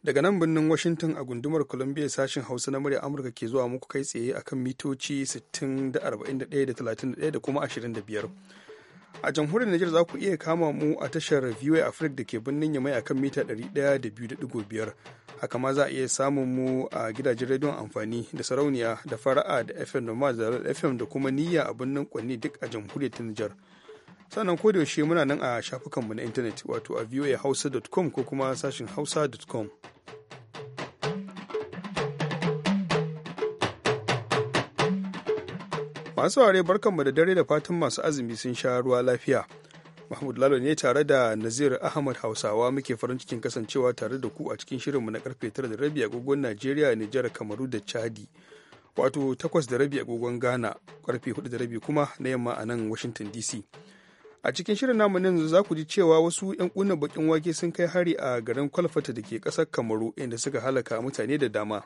Daga nan birnin Washington a gundumar Columbia sashen Hausa na murya Amurka ke zuwa muku kai tsaye akan mitoci 60 da 41 da 31 da kuma 25. a jamhuriyar Nijar za ku iya kama mu a tashar VOA Africa da ke birnin Yamai akan mita 102.5 haka ma za a iya samun mu a gidajen rediyon amfani da sarauniya da fara'a da FM da da FM da kuma niyya a birnin Kwanni duk a jamhuriyar ta Nijar sannan ko da yaushe muna nan a shafukanmu na intanet wato a voahausa.com ko kuma sashin hausa.com Masu ware barkanmu da dare da fatan masu azumi sun sha ruwa lafiya. Mahmud Lalo ne tare da Nazir Ahmad Hausawa muke farin cikin kasancewa tare da ku a cikin shirinmu na karfe 9 da rabi agogon Najeriya, Nijar, Kamaru da Chadi. Wato 8 da rabi agogon Ghana, karfe 4 da rabi kuma na yamma a nan Washington DC. A cikin shirin namu yanzu za ku ji cewa wasu 'yan kunna bakin wake sun kai hari a garin Kwalfata da ke ƙasar Kamaru inda suka halaka mutane da dama.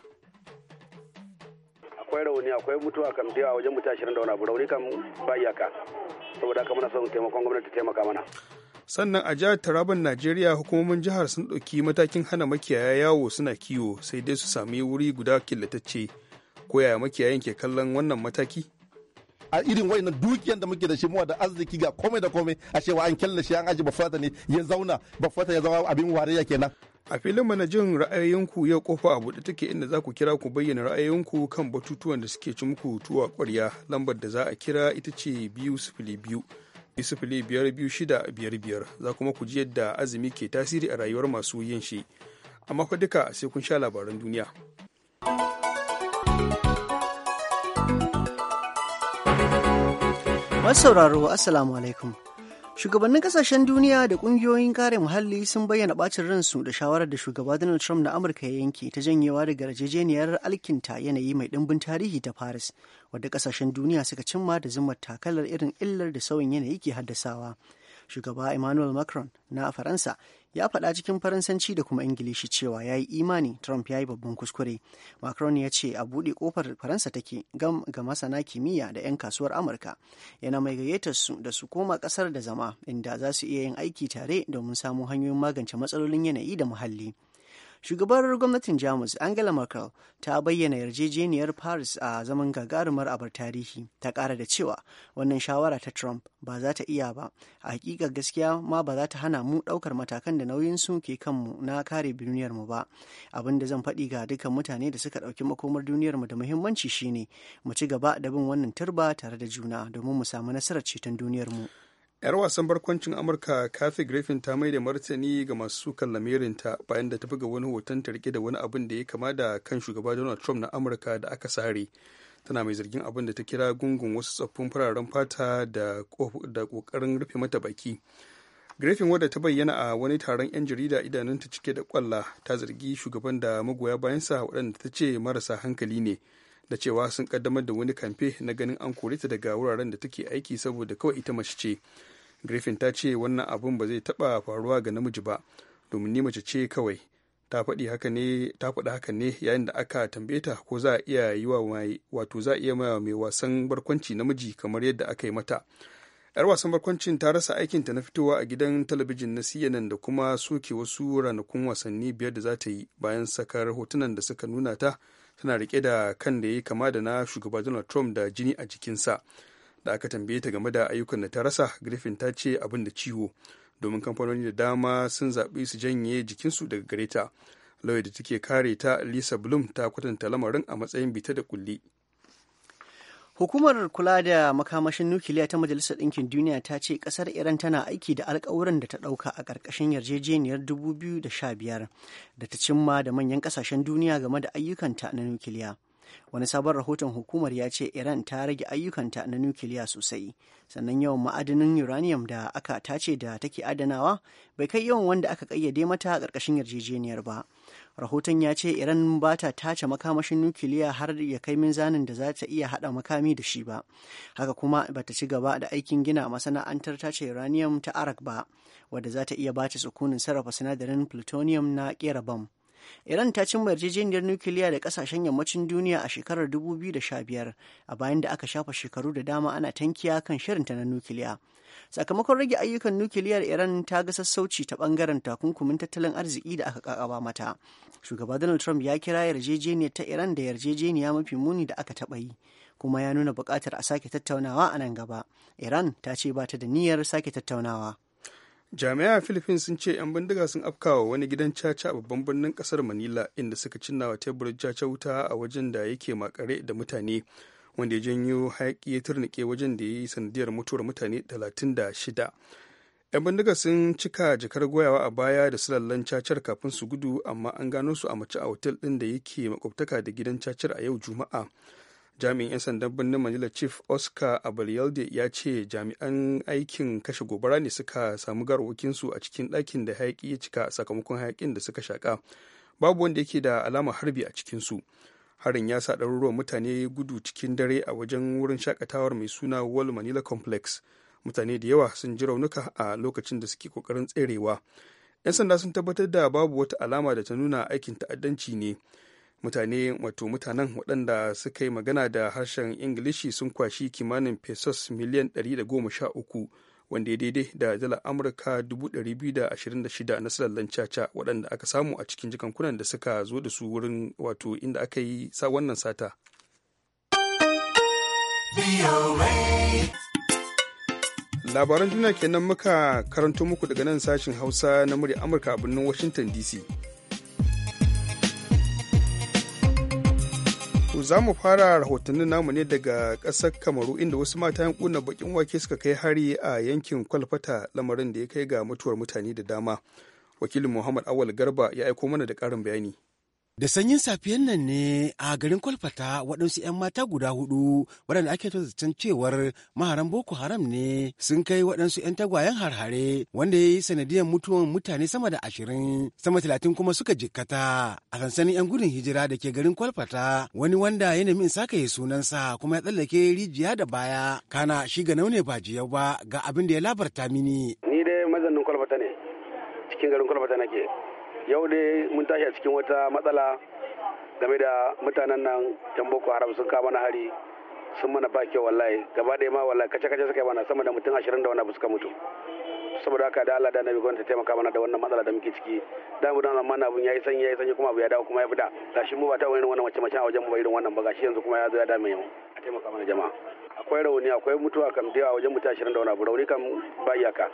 ne akwai mutuwa kam da yawa wajen mutu ashirin da wani abu rauni kam ba iyaka saboda haka muna son taimakon gwamnati taimaka mana sannan a jihar taraban najeriya hukumomin jihar sun ɗauki matakin hana makiyaya yawo suna kiwo sai dai su sami wuri guda killatacce ko yaya makiyayan ke kallon wannan mataki a irin wayannan dukiyar da muke da shi muwa da arziki ga komai da komai a cewa an kyalle shi an aji bafata ne ya zauna bafata ya zama abin wariya kenan a filin mana jin ra'ayoyinku yau kofa a buɗe take inda za ku kira ku bayyana ra'ayoyinku kan batutuwan da suke ci muku tuwa kwarya lambar da za a kira ita ce biyu sifili biyu sifili biyar biyu shida biyar biyar za kuma ku ji yadda azumi ke tasiri a rayuwar masu yin shi amma fa duka sai kun sha labaran duniya masu sauraro assalamu alaikum Shugabannin kasashen duniya da kungiyoyin kare muhalli sun bayyana bacin ransu da shawarar da shugaba Donald Trump na Amurka ya yanke ta janyewa daga rajejeniyar alkinta yanayi mai ɗimbin tarihi ta Paris, wadda kasashen duniya suka cimma da zumar takalar irin illar da sauyin yanayi ke haddasawa. shugaba emmanuel macron na faransa ya faɗa cikin faransanci da kuma ingilishi cewa ya yi imani trump ya yi babban kuskure macron ya ce a buɗe ƙofar faransa take gam ga masana kimiyya da 'yan kasuwar amurka yana mai gayyatar su da su koma ƙasar da zama inda za su iya yin aiki tare domin samun hanyoyin magance matsalolin yanayi da muhalli shugabar gwamnatin jamus angela merkel ta bayyana yarjejeniyar paris a zaman gagarumar abar tarihi ta kara da cewa wannan shawara ta trump ba za ta iya ba a hakika gaskiya ma ba za ta hana mu daukar matakan da nauyin su ke kanmu na kare duniyar mu ba abin da zan faɗi ga dukkan mutane da suka ɗauki makomar duniyar mu da muhimmanci shine mu ci gaba da bin wannan turba tare da juna domin mu samu nasarar ceton duniyar mu 'yar wasan barkwancin amurka kathy griffin ta mai da martani ga masu sukan lamirinta bayan da ta buga wani hoton ta rike da wani abin da ya kama da kan shugaba donald trump na amurka da aka sare tana mai zargin abin da ta kira gungun wasu tsoffin fararen fata da kokarin rufe mata baki griffin wadda ta bayyana a wani taron 'yan jarida idanunta cike da kwalla ta zargi shugaban da magoya bayansa waɗanda ta ce marasa hankali ne da cewa sun kaddamar da wani kamfe na ganin an kore ta daga wuraren da take aiki saboda kawai ita mace ce griffin ta ce wannan abun ba zai taba faruwa ga namiji ba domin ni mace ce kawai ta faɗi haka ne ta faɗi haka ne yayin da aka tambaye ta ko za a iya yi wa mai wato za a iya mai mai wasan barkwanci namiji kamar yadda aka yi mata yar wasan barkwancin ta rasa aikin ta na fitowa a gidan talabijin na CNN da kuma soke wasu ranakun wasanni biyar da za ta yi bayan sakar hotunan da suka nuna ta tana rike da kan da yayi kama da na shugaba Donald Trump da jini a jikinsa. sa da aka tambaye ta game da ayyukan da ta rasa griffin ta ce abin da ciwo domin kamfanoni da dama sun zaɓi su janye jikinsu daga gare ta lauya da take kare ta lisa bloom ta kwatanta lamarin a matsayin bita da kulli Hukumar kula da makamashin nukiliya ta Majalisar Ɗinkin Duniya ta ce ƙasar Iran tana aiki da alkawuran da ta ɗauka a ƙarƙashin yarjejeniyar 2015 da ta cimma da manyan ƙasashen duniya game da ayyukanta na nukiliya. wani sabon rahoton hukumar ya ce iran ta rage ayyukanta na nukiliya sosai sannan yawan ma'adinin uranium da aka tace da take adanawa bai kai yawan wanda aka kayyade mata a ƙarƙashin yarjejeniyar ba rahoton ya ce iran ba ta tace makamashin nukiliya har ya kai minzanin da za ta iya hada makami da shi ba haka kuma ba ta ci gaba da aikin gina masana'antar tace uranium ta arak ba wadda za ta iya bace sukunin sarrafa sinadarin plutonium na kera bam Iran ta cimma yarjejeniyar nukiliya da kasashen yammacin duniya a shekarar 2015 a bayan da aka shafa shekaru da dama ana tankiya kan shirinta na nukiliya. Sakamakon rage ayyukan nukiliyar Iran ta ga sassauci ta bangaren takunkumin tattalin arziki da aka kakaba mata. Shugaba Donald Trump ya kira yarjejeniyar ta Iran da yarjejeniya mafi muni da aka taɓa yi. kuma ya nuna buƙatar a sake tattaunawa a nan gaba. Iran ta ce ba ta da niyyar sake tattaunawa. jami'a philippines sun ce 'yan bindiga sun afkawa wani gidan caca a babban birnin kasar manila inda suka cinna wa teburin caca wuta a wajen da yake makare da mutane wanda ya janyo hayaki ya turnike wajen da ya yi sanadiyar mutuwar mutane 36 'yan bindiga sun cika jakar goyawa a baya da su lallan cacar kafin su gudu amma an gano su a mace a otel din da yake makwabtaka da gidan cacar a yau juma'a jami'in 'yan sandan birnin manila chief oscar abalyalde ya ce jami'an aikin kashe gobara ne suka samu su a cikin ɗakin da hayaƙi ya cika sakamakon hayaƙin da suka shaƙa babu wanda yake da alamar harbi a cikinsu harin ya sa ɗaruruwan mutane gudu cikin dare a wajen wurin shakatawar mai suna wall manila complex mutane da yawa sun ji raunuka a lokacin da suke kokarin tserewa 'yan sanda sun tabbatar da babu wata alama da ta nuna aikin ta'addanci ne mutane wato mutanen waɗanda suka yi magana da harshen ingilishi sun kwashi kimanin pesos miliyan 113 wanda ya daidai da dala amurka 226 na silallan caca waɗanda aka samu a cikin jikankunan da suka zo da su wurin wato inda aka yi sa wannan sata labaran duniya kenan muka karanto muku daga nan sashin hausa na murya amurka a birnin washington dc To za mu fara rahotannin namu ne daga ƙasar Kamaru inda wasu mata yan ƙuna bakin wake suka kai hari a yankin kwalfata lamarin da ya kai ga mutuwar mutane da dama. Wakilin Muhammad Awal Garba ya aiko mana da ƙarin bayani. Da sanyin safiyan nan ne a garin Kwalfata waɗansu 'yan mata guda hudu waɗanda ake zaton cewar maharan Boko Haram ne sun kai waɗansu 'yan tagwayen harhare wanda ya yi sanadiyar mutuwan mutane sama da ashirin sama talatin kuma suka jikkata a sansanin 'yan gudun hijira da ke garin Kwalfata wani wanda ya nemi saka sakaye sunansa kuma ya tsallake rijiya da baya kana shi ga naune ba jiyau ba ga abin da ya labarta mini. Ni dai mazannin Kwalfata ne cikin garin Kwalfata nake. yau dai mun tashi a cikin wata matsala game da mutanen nan can boko haram sun kama na hari sun mana ba kyau wallahi gaba da ma wallahi kace kace suka yi mana sama da mutum ashirin da wani abu suka mutu saboda haka da Allah da Annabi gwamnati ta taimaka mana da wannan matsala da muke ciki da mu dan mana abun yayi sanyi yayi sanyi kuma abu ya dawo kuma ya fita gashi mu ba ta wani wannan mace mace a wajen mu ba irin wannan ba gashi yanzu kuma ya zo ya dame mu a taimaka mana jama'a akwai rauni akwai mutuwa kam da yawa wajen mutu ashirin da wani abu rauni kam ba iyaka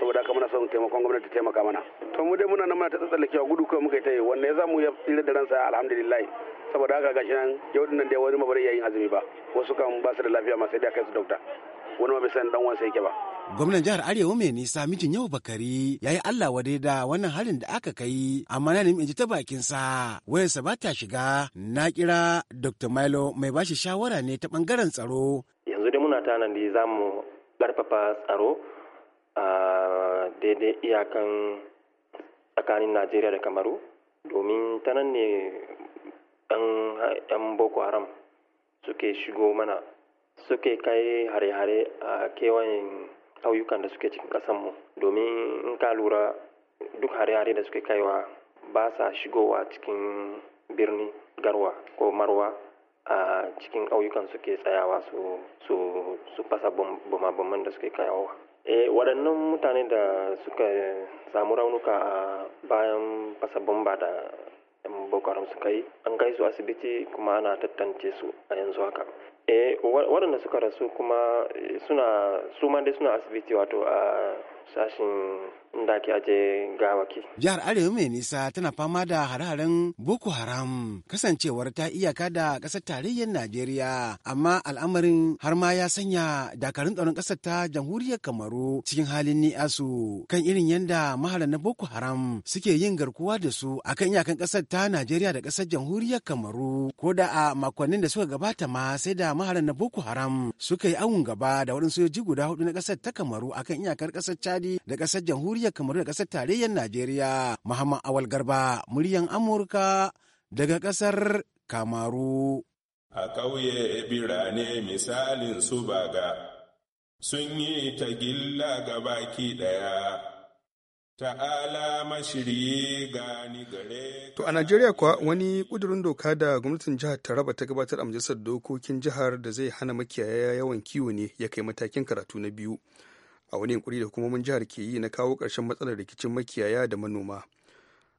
saboda haka muna son taimakon gwamnati taimaka mana to mu dai muna nan muna ta tsallakewa gudu kawai muka ta yi wanne za mu ya tsira da ransa alhamdulillah saboda haka gashi nan yau nan da wani mabari yayin azumi ba wasu kan ba su da lafiya ma sai dai kai su dokta wani ma bai san dan wansa yake ba gwamnan jihar arewa mai nisa mijin yau bakari ya yi allah wa da wannan halin da aka kai amma na nemi in ji ta bakin sa wayarsa ba ta shiga na kira dr milo mai bashi shawara ne ta bangaren tsaro muna tanadi za mu ƙarfafa tsaro a daidai iyakan tsakanin najeriya da kamaru domin ta nan ne ɗan boko haram suke shigo mana suke kai hare-hare a kewayen ƙauyukan da suke cikin ƙasanmu domin in ka lura duk hare-hare da suke kaiwa ba sa shigowa cikin birni garwa ko marwa a cikin ƙauyukan suke tsayawa su su su fasa bumabuman da suke kayawa eh waɗannan mutane da suka samu raunuka a bayan fasa bomba da 'yan boko haram suka yi an kai su asibiti kuma ana tattance su a yanzu haka eh waɗanda suka rasu kuma eh, suna su ma dai suna asibiti wato a sashin inda ake aje gawaki. Jihar Arewa mai nisa tana fama da hare-haren Boko Haram kasancewar ta iyaka da ƙasar tarayyar Najeriya amma al'amarin har ma ya sanya dakarun tsaron ƙasar ta jamhuriyar Kamaru cikin halin ni'asu kan irin yadda maharan na Boko Haram suke yin garkuwa da su akan iyakan ƙasar ta Najeriya da ƙasar jamhuriyar Kamaru ko da a makonnin da suka gabata ma sai da maharan na Boko Haram suka yi awun gaba da waɗansu sojoji guda hudu na ƙasar ta Kamaru akan iyakar ƙasar Chadi da ƙasar jamhuriyar Kamaru da ƙasar tarayyar Najeriya Muhammad Awal Garba muryan Amurka daga ƙasar Kamaru. A ƙauye birane misalin su baga sun yi ta gilla ga baki ɗaya. ta'ala mashiri gani gare to a najeriya kuwa wani kudurin doka da gwamnatin jihar taraba ta gabatar a majalisar dokokin jihar da zai hana makiyaya yawan kiwo ne ya kai matakin karatu na biyu a wani yankuri da hukumomin jihar ke yi na kawo ƙarshen matsalar rikicin makiyaya da manoma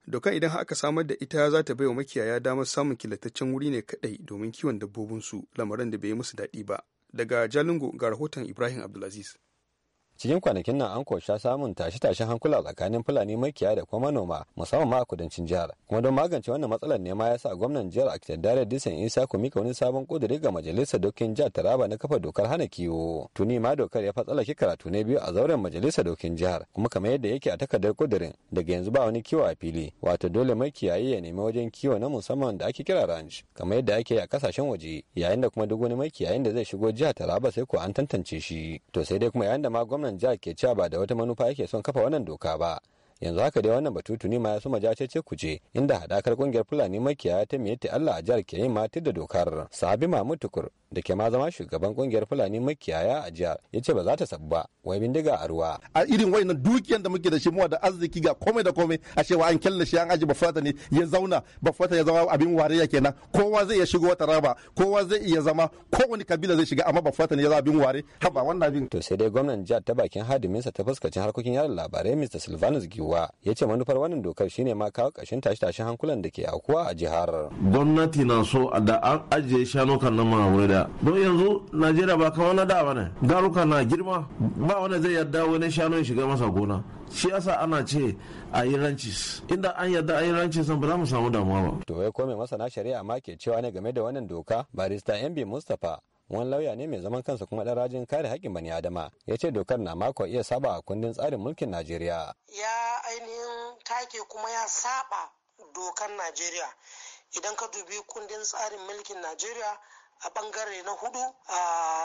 dokan idan aka samar da ita za ta baiwa makiyaya damar samun killataccen wuri ne kadai domin kiwon dabbobinsu lamarin da bai yi musu daɗi ba daga jalingo ga rahoton ibrahim abdulaziz cikin kwanakin nan an kosha samun tashe-tashen hankula tsakanin fulani makiya da kuma manoma musamman ma a kudancin jihar kuma don magance wannan matsalar ne ma ya sa gwamnan jihar akitadare disan isa mika wani sabon kuduri ga Majalisa dokin jihar taraba na kafa dokar hana kiwo tuni ma dokar ya fatsala fatsalake karatu na biyu a zauren Majalisa dokin jihar kuma kamar yadda yake a takardar kudirin daga yanzu ba wani kiwo a fili wato dole makiyayi ya nemi wajen kiwo na musamman da ake kira ranch kamar yadda ake a kasashen waje yayin da kuma duk wani makiyayin da zai shigo jihar taraba sai ko an tantance shi to sai dai kuma yayin da ma gwamnan wannan jihar ke cewa ba da wata manufa yake son kafa wannan doka ba yanzu haka dai wannan batu ne ma ya suma ja cece kuje inda hadakar kungiyar fulani makiyaya ta miyatti Allah a jihar ke yin matir da dokar sabi mahmud tukur da ke ma zama shugaban kungiyar fulani makiyaya a jihar ya ce ba za ta sabu ba wai bindiga a ruwa a irin wayannan dukiyar da muke da shi muwa da arziki ga komai da komai a cewa an kyalle shi an aji bafata ne ya zauna bafata ya zama abin wariya kenan kowa zai iya shigo wata raba kowa zai iya zama kowane kabila zai shiga amma bafata ne ya zama abin ware haba wannan abin to sai dai gwamnan jihar ta bakin hadiminsa ta fuskacin harkokin yaran labarai Mr. Silvanus Giwa ya ce manufar wannan dokar shine ma kawo ƙarshen tashi-tashin hankulan da ke aukuwa a jihar gwamnati na so da an ajiye shanukan na mawai da daya don yanzu najeriya ba kamar na da ba ne garuka na girma ba wanda zai yarda wani shanu ya shiga masa gona shi yasa ana ce a yi rancis inda an yarda a yi rancis ba za mu samu damuwa ba to wai ko masana shari'a ma ke cewa ne game da wannan doka barista mb mustapha wani lauya ne mai zaman kansa kuma rajin kare haƙƙin bani adama ya ce dokar na mako iya saba a kundin tsarin mulkin najeriya ya ainihin take kuma ya saba dokar najeriya idan ka dubi kundin tsarin mulkin najeriya a bangare na hudu a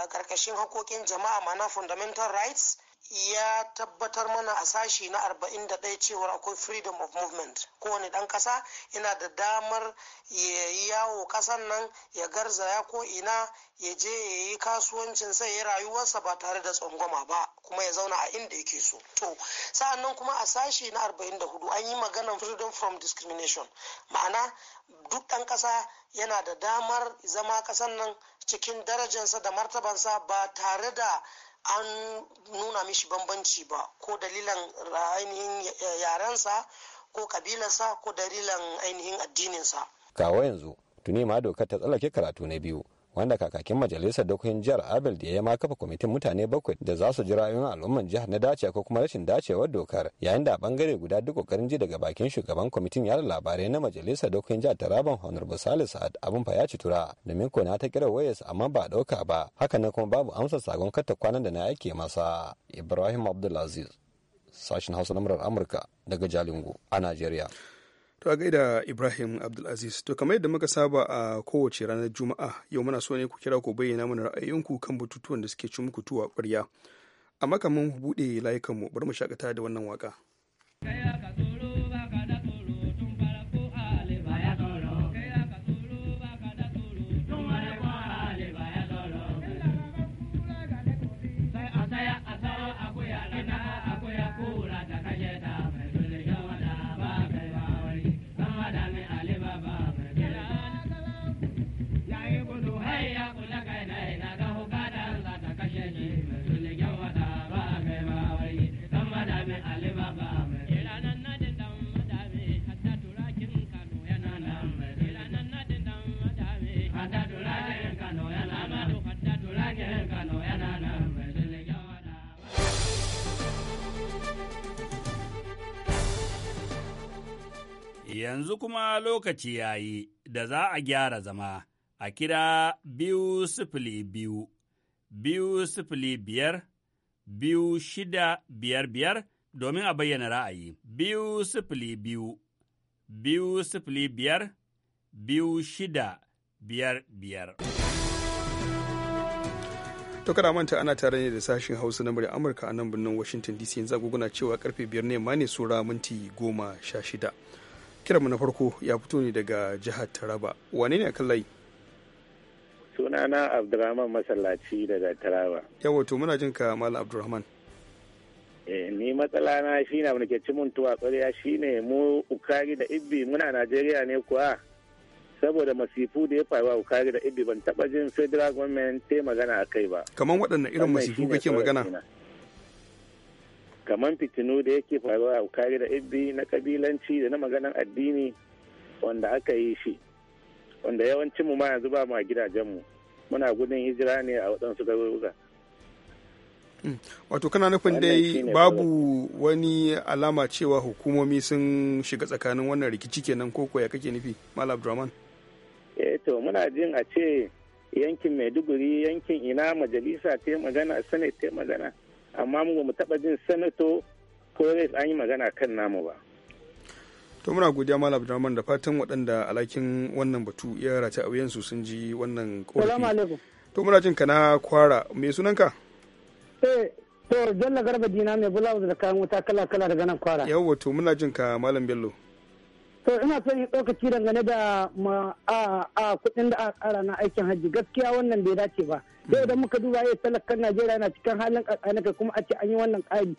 karkashin hakokin jama'a mana fundamental rights ya tabbatar mana a sashi na arba'in da 41 cewar akwai freedom of movement kowane ɗan ƙasa yana da damar ya yi yawo ƙasan nan ya garzaya ko ina ya je ya yi kasuwancin sai ya rayuwarsa ba tare da tsangwama ba kuma ya zauna a inda yake so to sa'an nan kuma a sashi na arba'in da hudu an yi maganar freedom from discrimination ma'ana duk ɗan ƙasa yana da damar zama ƙasan nan cikin darajarsa da martabansa ba tare da an nuna mishi bambanci ba ko dalilan ainihin yarensa ko kabilarsa ko dalilan ainihin addininsa. kawo yanzu tuni ma dokar ta tsallake karatu na biyu wanda kakakin majalisar dokokin jihar abel da ya ma kafa kwamitin mutane bakwai da za su ji ra'ayoyin al'umman jihar na dace ko kuma rashin dacewar dokar yayin da a bangare guda duk kokarin ji daga bakin shugaban kwamitin yada labarai na majalisar dokokin jihar taraban honorable salis sa'ad abun fa ya ci tura domin ko na ta kira wayas amma ba a dauka ba haka nan kuma babu amsa sagon katta kwanan da na aike masa ibrahim abdulaziz sashen hausa na murar amurka daga jalingo a najeriya To a gaida Ibrahim Abdulaziz. To kamar yadda muka saba a kowace ranar Juma'a, yau muna so ne ku kira ku bayyana mana ra'ayoyinku kan batutuwan da suke ci muku tuwa ƙwarya. Amma kamar buɗe layukanmu bari mu shakata da wannan waka. Yanzu kuma lokaci ya yi da za a gyara zama a kira biyu sifili biyu, biyu sifili biyar, biyu shida biyar biyar domin a bayyana ra'ayi. Biyu sifili biyu, biyu sifili biyar, biyu shida biyar biyar. To kada manta ana tare ne da sashin Hausa na murya Amurka a nan birnin Washington DC yanzu guguna cewa karfe biyar ne ma ne sura minti goma sha shida. kiranmu na farko ya fito ne daga jihar taraba wane ne akan layi sunana abdurrahman masallaci daga taraba yawa to muna jin ka malam abdurrahman eh, ni matsala na shi na ke mun tuwa ƙwarya shi ne mu ukari da ibbi muna najeriya ne kuwa saboda masifu da ya faruwa ukari da ibbi ban taba jin federal government ta magana a kai ba kamar waɗannan irin masifu kake magana kamar fitinu da yake faruwa a kare da ibbi na kabilanci da na maganan addini wanda aka yi shi wanda yawancin mu ma yanzu ba mu a gidajenmu muna gudun hijira ne a waɗansu garuruka hmm. wato kana nufin dai babu wani alama cewa hukumomi sun shiga tsakanin wannan rikici kenan ko ya kake nufi malam abdulrahman eh to muna jin a ce yankin maiduguri yankin ina majalisa ta magana senate ta magana amma mu mu taɓa jin sanato ko an yi magana kan namu ba to muna godiya malam abdulrahman da fatan waɗanda alakin wannan batu ya rata a wuyansu sun ji wannan korafi to muna jin ka na kwara me sunanka eh to jalla garba dina mai bulawar da kayan wuta kala kala daga nan kwara yawwa to muna jin ka malam bello to ina son yi tsokaci dangane da a kudin da aka kara na aikin hajji gaskiya wannan bai dace ba sai idan muka duba yau talakan najeriya na cikin halin kakanaka kuma a ce an yi wannan kari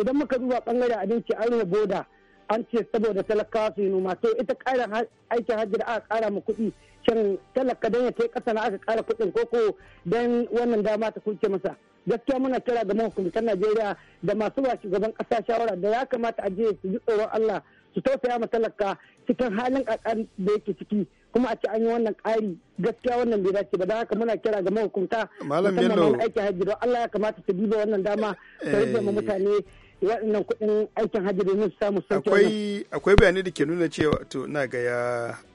idan muka duba bangaren abinci an rubo boda an ce saboda talakawa su yi noma to ita karin aikin hajji da aka kara ma kuɗi shan talaka don ya kai kasa na aka kara kuɗin koko don wannan dama ta kuke masa gaskiya muna kira ga mahukuntan najeriya da masu ba shugaban kasa shawara da ya kamata a je su ji tsoron allah su tausaya ma talaka cikin halin kakan da yake ciki kuma a ci an yi wannan ƙari gaskiya wannan bai dace ba da haka muna kira ga mahukunta musamman wani aiki hajji don Allah ya kamata su duba wannan dama ta eh. rage ma mutane waɗannan kuɗin aikin hajji domin su samu sauƙi akwai akwai bayanai da ke nuna cewa to na ga ya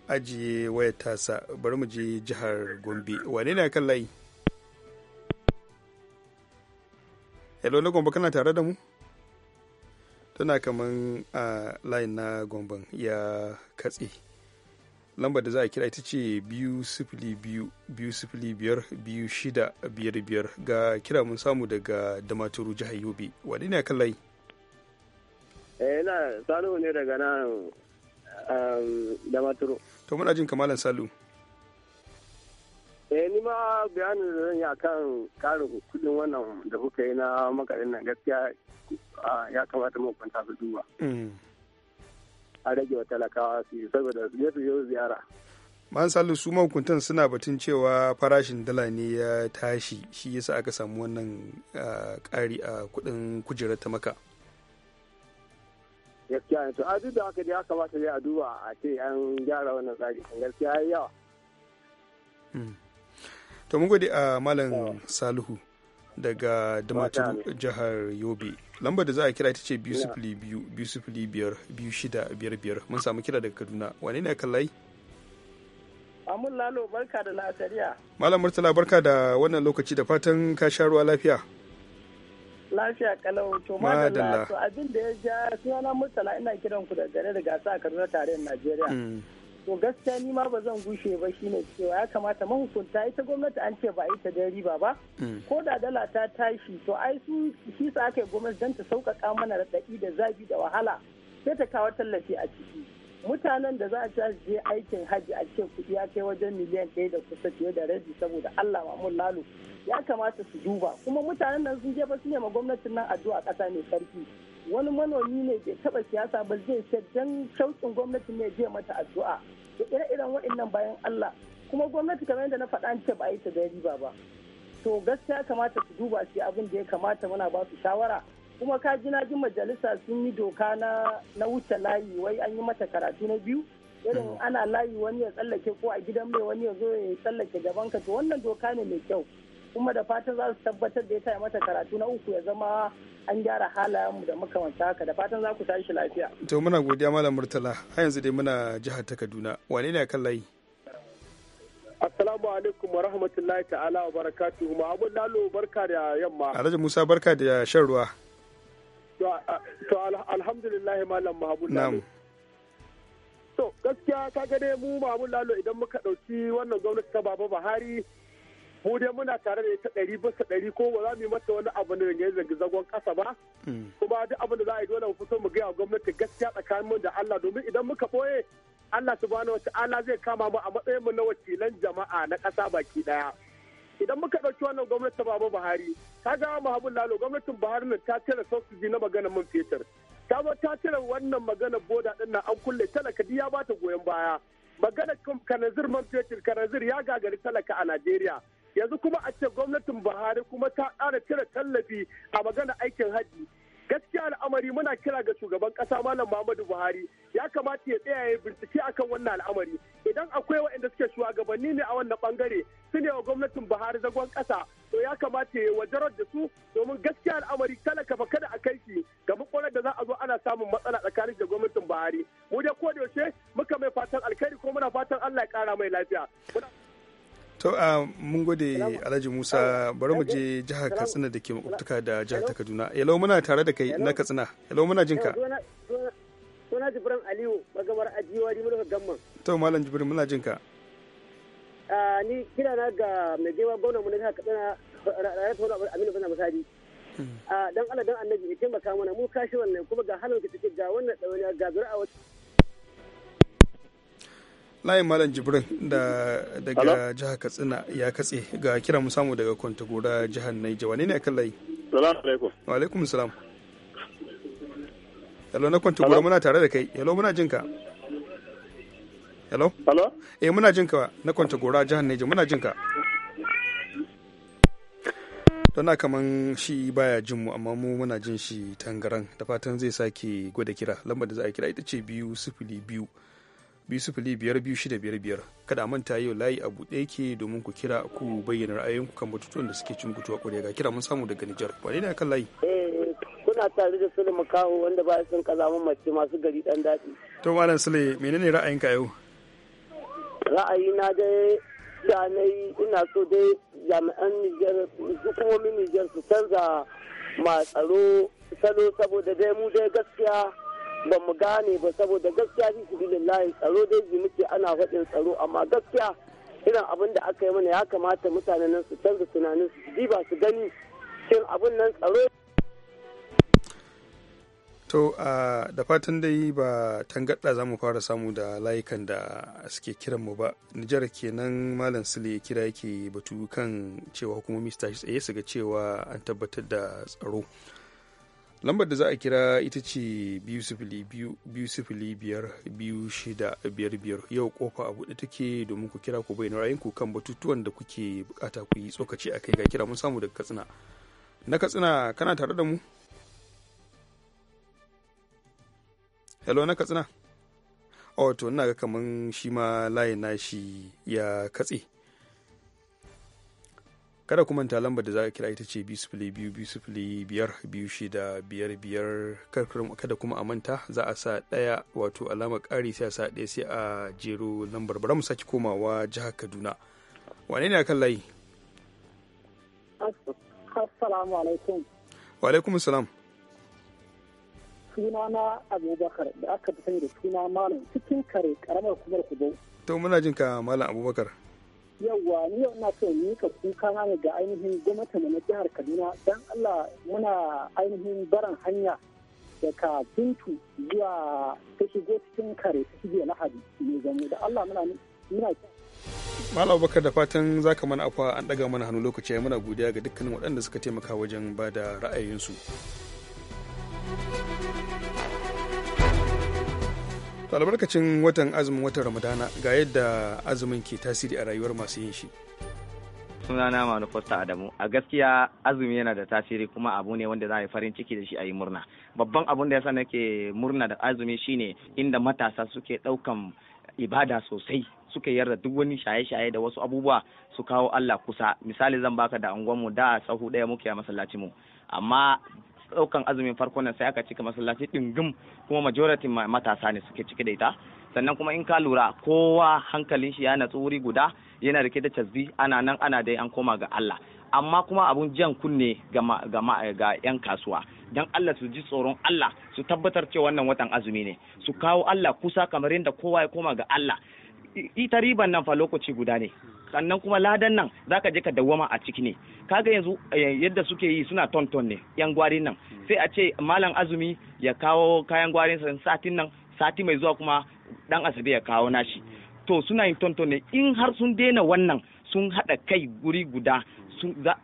ajiye wayar tasa bari mu je jihar Gombe wane ne kan layi Hello na Gombe kana tare da mu? tana kaman a layin na gomban ya katse lambar da za a kira ita ce biyu sifili biyu biyu sifili biyar biyu shida biyar biyar ga kira mun samu daga damaturu jihar yobe wadda ne kan layi eh na salu ne daga nan um, damaturu to muna jin kamalan salu eh ni ma bayanin da zan yi a kan karin kudin wannan da kuka yi na makarin nan gaskiya ya kamata mu kwanta su duba mm. a rage wa talakawa su yi saboda su yi su ziyara man salu su mahukuntan suna batun cewa farashin dala ne ya tashi shi yasa aka samu wannan ƙari a kudin kujerar ta maka gaskiya ne to a duk da haka ya kamata ya a duba a ce an gyara wannan tsari gaskiya yayi yawa mm. to mun gode a malam salihu daga damaturu jihar yobe lambar da za a kira ita ce biyu sifili biyu biyu sifili biyar biyu shida biyar biyar mun samu kira daga kaduna wane ne kallai. layi amun lalo barka da lasariya malam murtala barka da wannan lokaci da fatan ka sha ruwa lafiya lafiya kalau to madalla to abin da ya ja sunana murtala ina kiran ku da gare da gasa kaduna kaduna na najeriya mm. to gaskiya ni ma ba zan gushe ba shine cewa ya kamata mahukunta ita gwamnati an ce ba a yi ta da riba ba mm. ko da dala ta tashi to ai su shi sa aka yi gwamnati don ta sauƙaƙa mana raɗaɗi da zafi da wahala sai ta kawo tallafi a ciki mutanen da za a ci je aikin hajji a ce kuɗi ya kai wajen miliyan ɗaya da kusa fiye da rabi saboda Allah mamun lalu ya kamata su duba kuma mutanen nan sun je ba su nema gwamnatin nan addu'a ƙasa mai sarki wani manomi ne bai taba siyasa ba zai ce dan shaukin gwamnati ne jiya mata addu'a da ire-iren waɗannan bayan Allah kuma gwamnati kamar yadda na faɗa ce ba a yi ta da riba ba to gaskiya kamata su duba shi abin da ya kamata muna ba su shawara kuma ka ji na ji majalisa sun yi doka na na wuce layi wai an yi mata karatu na biyu irin mm. ana layi wani ya tsallake ko a gidan mai wani ya zo ya tsallake gaban ka to wannan doka ne mai kyau kuma da fatan za su tabbatar da ya taya mata karatu na uku ya zama an gyara halayenmu da makamanta haka da fatan za ku tashi lafiya. To muna godiya Malam Murtala har yanzu dai muna jihar ta Kaduna wane ne kan layi? Assalamu alaikum wa rahmatullahi ta'ala wa barakatuhu Muhammad Lalo barka da yamma. Alhaji Musa barka da shan ruwa. To alhamdulillah Malam na Lalo. To gaskiya ka ga mu muhammadu Lalo idan muka ɗauki wannan gwamnati ta Baba Buhari mu dai muna tare da ita ɗari bisa ɗari ko ba za mu yi mata wani abu ne da zangi zagon ƙasa ba hmm. kuma duk abin da za a yi dole mu fito mu gaya gwamnati gaskiya tsakanin mu da Allah domin idan muka ɓoye Allah subhanahu wa ta'ala zai kama mu a matsayin mu na wakilan jama'a na ƙasa baki ɗaya idan muka ɗauki wannan gwamnati Baba Buhari ka ga Muhammadu Lalo gwamnatin Buhari nan ta cire subsidy na maganar man fetur ta ba ta cire wannan maganar boda ɗin na an kulle talaka ya ba ta goyon baya maganar kanazir man fetur kanazir ya gagari talaka a Najeriya yanzu kuma a ce gwamnatin buhari kuma ta ƙara cire tallafi a magana aikin hajji gaskiya al'amari muna kira ga shugaban ƙasa malam muhammadu buhari ya kamata ya tsaya ya bincike akan wannan al'amari idan akwai waɗanda suke shugabanni ne a wannan bangare su ne wa gwamnatin buhari zagon ƙasa to ya kamata ya wajarar da su domin gaskiya al'amari talaka kafa kada a kai shi ga makonar da za a zo ana samun matsala tsakanin da gwamnatin buhari mu dai ko da yaushe muka mai fatan alkhairi ko muna fatan allah ya kara mai lafiya. to a ah, mun gode alhaji musa bari mu je jihar katsina da ke makwabtaka da jihar ta kaduna yalo muna tare da kai na katsina yalo muna jin ka suna jibrin aliyu magamar ajiyewa ni mulka gamman to malam jibrin muna jin ka ah, ni kira na ga mai gewa gwamnan mu na jihar katsina rayar tona aminu bana musadi hmm. ah, dan allah dan annabi ya taimaka mana mu kashi wannan kuma ga halin da ga wannan ɗauniya ga zuri'a wata layin malam jibrin da daga jihar katsina ya katse ga kira mu samu daga kwantagora jihar naija wani ne akan layi salamu alaikum wa alaikum salam Yalo na kwantagora muna tare da kai Yalo muna jin ka Yalo. hello eh muna jin ka na kwantagora jihar naija muna jin ka don kaman shi baya jin mu amma mu muna jin shi tangaran da fatan zai sake gwada kira lambar da za a kira ita ce biyu sifili biyu biyar kada a manta yau layi a buɗe yake domin ku kira ku bayyana ra'ayinku kan batutuwan da suke cin gutuwa ƙwarya ga kira mun samu daga Nijar wane ne akan layi eh, kuna tare da Sule Makaho wanda ba son kaza mun mace masu gari dan daɗi to malam Sule menene ra'ayinka yau ra'ayina dai da ina so da jami'an Nijar hukumomin Nijar su canza ma tsaro salo saboda dai mu dai gaskiya ba mu gane ba saboda gaskiya shi sabilin tsaro dai ji muke ana faɗin tsaro amma gaskiya irin abin da aka yi mana ya kamata mutanen nan su canza tunanin su ba su gani shin abin nan tsaro To da fatan dai ba tangaɗa za mu fara samu da layukan da suke kiran mu ba. Nijar kenan Malam Sule kira yake batu kan cewa kuma su tashi tsaye su ga cewa an tabbatar da tsaro. lambar da za a kira ita ce biyu sifili biyu biyu sifili biyar biyu shida biyar biyar yau kofa a buɗe take domin ku kira ku bayyana ra'ayinku kan batutuwan da kuke bukata ku yi tsokaci a kai ga kira mun samu daga katsina na katsina kana tare da mu hello na katsina oh to ina ga kaman shi ma layin nashi ya katse kada ku manta lambar da za a kira ita ce biyar kada kuma a manta za a sa ɗaya wato alama ƙari sai a sa ɗaya sai a jero lambar bara mu sake komawa jihar kaduna wane ne a kan layi assalamu alaikum wa alaikum salam suna na abubakar da aka fi sani da suna malam cikin kare karamar kumar kubo to muna jinka malam abubakar yawwa ni yau na so ni ka kuka na ga ainihin gwamnati na jihar kaduna dan allah muna ainihin baran hanya daga bintu zuwa ta shigo cikin kare ta shige lahadi ne zamu da allah muna muna Malam Abubakar da fatan zaka ka mana afa an ɗaga mana hannu lokaci ya muna godiya ga dukkanin waɗanda suka taimaka wajen ba da ra'ayinsu. albarkacin watan azumin watan ramadana ga yadda azumin ke tasiri a rayuwar masu yin shi sunana manufosta adamu a gaskiya azumi yana da tasiri kuma abu ne wanda za a yi farin ciki da shi a yi murna babban abun da ya sa nake murna da azumi shine inda matasa suke ɗaukan ibada sosai suka yarda duk wani shaye-shaye da wasu abubuwa su kawo Allah kusa misali zan baka da anguwanmu da sahu ɗaya muke a masallaci mu amma daukan azumin farko nan sai aka cika masallaci dingim kuma majority matasa ne suke cike da ita sannan kuma in ka lura kowa hankalin shi ya natsu wuri guda yana rike da tasbi ana nan ana dai an koma ga Allah amma kuma abun jan kunne ga 'yan kasuwa don Allah su ji tsoron Allah su tabbatar cewa wannan watan azumi ne su kawo Allah kusa kamar yadda kowa ya koma ga Allah ita riban nan fa lokaci guda ne sannan kuma ladan nan ka je ka dawwama a ciki ne kaga yanzu eh, yadda suke yi suna tonton ne yan gwarin nan hmm. sai a ce malam azumi ya kawo kayan gwarin satin nan sati mai zuwa kuma dan asabe ya kawo nashi hmm. to suna yin tonton ne in har sun daina wannan sun haɗa kai guri guda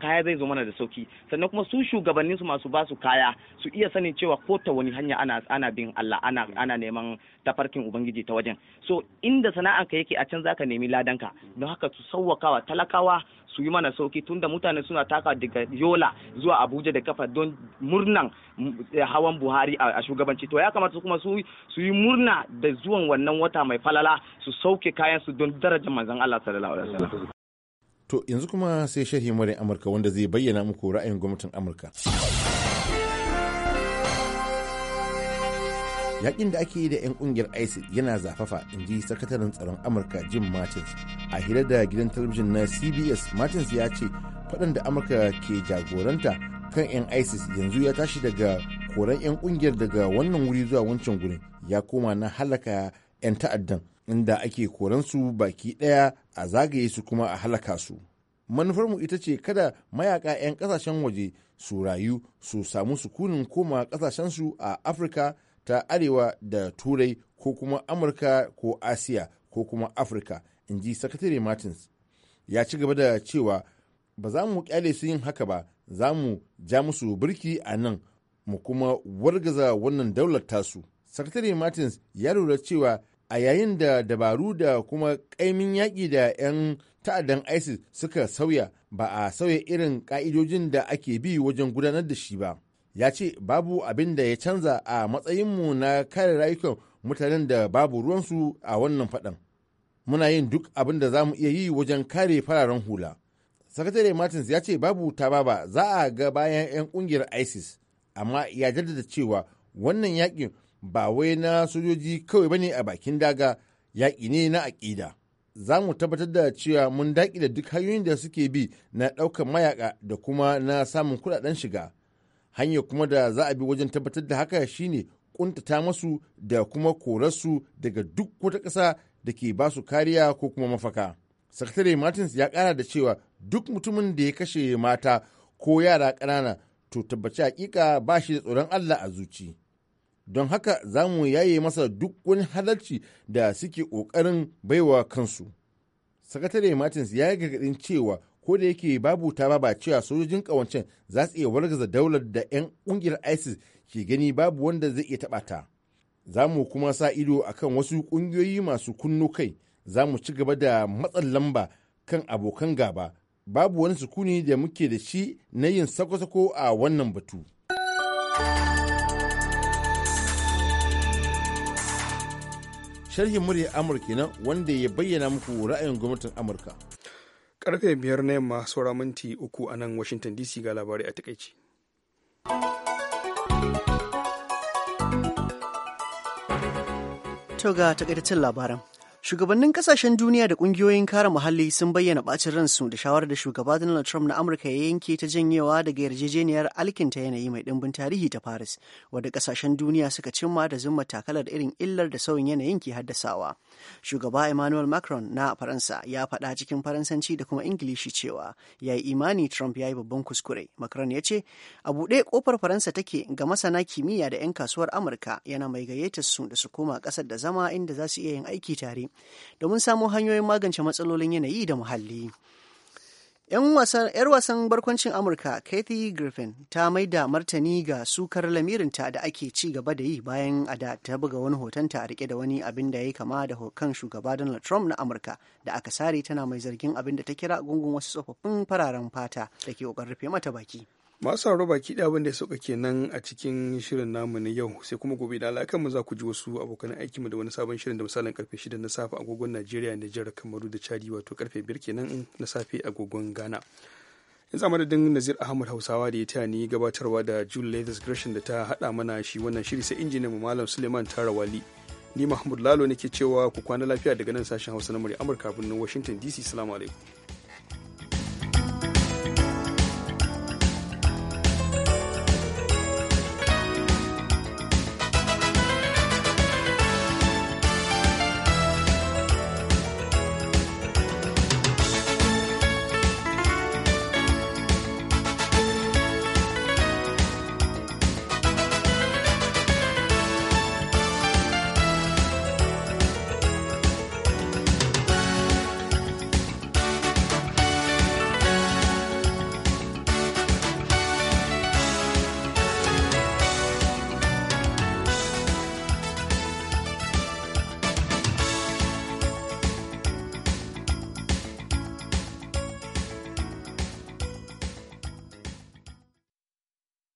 kaya zai zo mana da sauki sannan kuma su shugabannin su masu basu kaya su iya sanin cewa ko ta wani hanya ana ana bin Allah ana ana neman tafarkin ubangiji ta wajen so inda sana'anka yake a can zaka nemi ladanka don haka su sauwakawa talakawa su yi mana sauki tunda mutane suna taka daga yola zuwa abuja da kafa don murnan eh, hawan buhari a shugabanci to ya kamata kuma su yi murna da zuwan wannan wata mai falala su sauke kayan su don darajar manzon allah sallallahu alaihi wasallam To yanzu kuma sai sharhi murin Amurka wanda zai bayyana muku ra'ayin gwamnatin Amurka. yaƙin da ake yi da 'yan ƙungiyar ISIS yana zafafa in ji sakataren tsaron Amurka Jim Martins. A hira da gidan talabijin na CBS, Martins ya ce faɗan da Amurka ke jagoranta kan 'yan ISIS yanzu ya tashi daga koran 'yan ƙungiyar daga wannan wuri zuwa wancan gurin ya koma na halaka 'yan ta'addan inda ake koransu baki ɗaya a zagaye su kuma a halaka su. Manufarmu ita ce kada mayaka 'yan kasashen waje su rayu su samu sukunin koma ƙasashensu a Afirka ta Arewa da Turai ko kuma Amurka ko Asiya ko kuma Afirka, in ji Sakatare Martins. Ya ci gaba da cewa ba za mu kyale su yin haka ba, za mu ja musu birki a nan mu kuma wargaza wannan daular tasu. Sakatare Martins ya lura cewa a yayin da dabaru da kuma kaimin yaƙi da 'yan ta'addan isis suka sauya ba a sauya irin ƙa'idojin da ake bi wajen gudanar da shi ba ya ce babu abin da ya canza a matsayinmu na kare rayukan mutanen da babu ruwansu a wannan faɗan muna yin duk abin da za mu iya yi wajen kare fararen hula sakatare martins ya ce babu ba za a ga bayan 'yan kungiyar isis amma ya jaddada cewa wannan yakin ba wai na sojoji kawai bane a bakin daga yaƙi ne na aƙida. Za mu tabbatar da cewa mun daƙi da duk hanyoyin da suke bi na ɗaukar mayaƙa da kuma na samun kuɗaɗen shiga. hanya kuma da za a bi wajen tabbatar da haka shine ƙuntata masu da kuma korarsu daga duk wata ƙasa da ke ba su kariya ko kuma mafaka. Sakatare Martins ya ƙara da cewa duk mutumin da ya kashe mata ko yara ƙanana to tabbaci hakika ba shi da tsoron Allah a zuci. don haka za mu yaye masa duk wani halarci da suke ƙoƙarin baiwa kansu. Sakatare Martins ya yi gargaɗin cewa ko da yake babu ta ba cewa sojojin ƙawancen za su iya wargaza daular da 'yan ƙungiyar ISIS ke gani babu wanda zai iya taɓa ta. Za mu kuma sa ido akan wasu ƙungiyoyi masu kunno kai, za mu ci gaba da matsan lamba kan abokan gaba. Babu wani sukuni da muke da shi na yin sako-sako a wannan batu. sharhin murya amurka nan wanda ya bayyana muku ra'ayin gwamnatin amurka karfe biyar na yamma saura minti uku a nan washington dc ga labarai a takaici to ga takaitaccen labaran Shugabannin kasashen duniya da kungiyoyin kare muhalli sun bayyana bacin ransu da shawarar da shugaba Donald Trump na Amurka ya yanke ta janyewa daga yarjejeniyar alkinta yanayi mai ɗimbin tarihi ta Paris, wadda kasashen duniya suka cimma da zuma takalar irin illar da sauyin yanayin ke haddasawa. Shugaba Emmanuel Macron na Faransa ya faɗa cikin Faransanci da kuma Ingilishi cewa ya yi imani Trump ya yi babban kuskure. Macron ya ce, a buɗe ƙofar Faransa take ga masana kimiyya da 'yan kasuwar Amurka yana mai gayyatar su da su koma ƙasar da zama inda za su iya yin aiki tare. domin samo hanyoyin magance matsalolin yanayi da muhalli. 'Yar wasan barkwancin Amurka Kathy Griffin ta maida martani ga sukar lamirinta da ake ci gaba da yi bayan a da ta buga wani hotonta a rike da wani abin da ya kama da kan shugaba Donald Trump na Amurka da aka sare tana mai zargin abin da ta kira gungun wasu tsofaffin fararen fata da ke ƙoƙarin rufe mata baki. masu haro baki da abin da ya sauka kenan a cikin shirin namu na yau sai kuma gobe da alaƙa mu za ku ji wasu abokan mu da wani sabon shirin da misalin karfe 6 na safe agogon Najeriya da jihar Kamaru da Chadi wato karfe biyar kenan na safe agogon Ghana yanzu a madadin Nazir Ahmad Hausawa da ya taya ni gabatarwa da Jule Leathers Gresham da ta haɗa mana shi wannan shiri sai injiniyan mu Malam Suleiman Tarawali ni Mahmud Lalo nake cewa ku kwana lafiya daga nan sashen Hausa na murya Amurka birnin Washington DC salamu alaikum